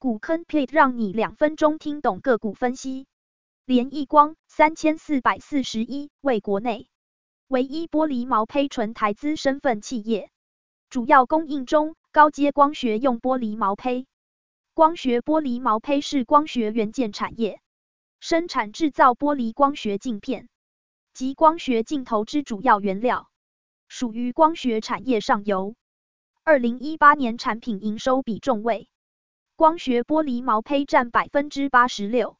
股坑 plate 讓你兩分鐘聽懂個股分析。聯一光三千四百四十一為國內唯一玻璃毛坯純台資身份企業，主要供應中高階光學用玻璃毛坯。光學玻璃毛坯是光學元件產業生產制造玻璃光學鏡片及光學鏡頭之主要原料，屬於光學產業上游。二零一八年產品營收比重為。光學玻璃毛胚佔百分之八十六，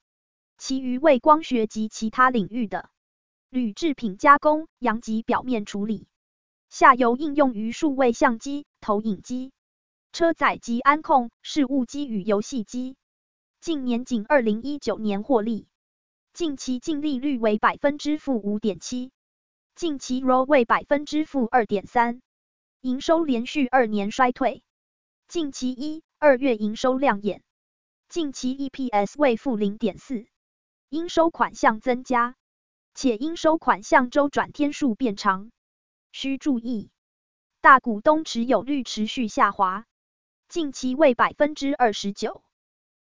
其餘為光學及其他領域的鋁製品加工、陽極表面處理。下游應用於數位相機、投影機、車載及安控、事務機與遊戲機。近年僅二零一九年獲利，近期淨利率為百分之負五點七，近期 ROE 為百分之負二點三，營收連續二年衰退。近期一二月營收亮眼，近期 EPS 為負0.4，應收款項增加，且應收款項週轉天數變長，需注意大股東持有率持續下滑，近期為百分之二十九。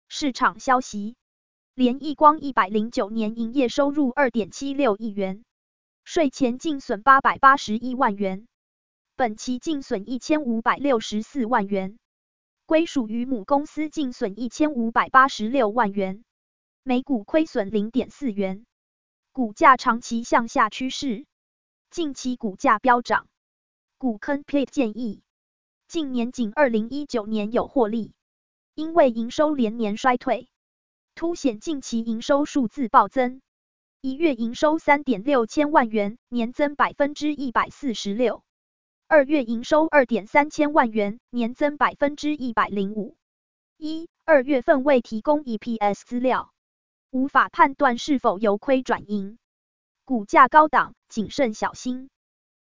市場消息，聯一光一百零九年營業收入二點七六億元，稅前淨損八百八十一萬元，本期淨損一千五百六十四萬元。歸屬於母公司淨損一千五百八十六萬元，每股虧損零點四元，股價長期向下趨勢，近期股價飆漲。股坑 p l t e 建議，近年僅二零一九年有獲利，因為營收連年衰退，凸顯近期營收數字暴增，一月營收三點六千萬元，年增百分之一百四十六。二月營收二點三千萬元，年增百分之一百零五。一、二月份未提供 EPS 資料，無法判斷是否由虧轉盈。股價高檔，謹慎小心。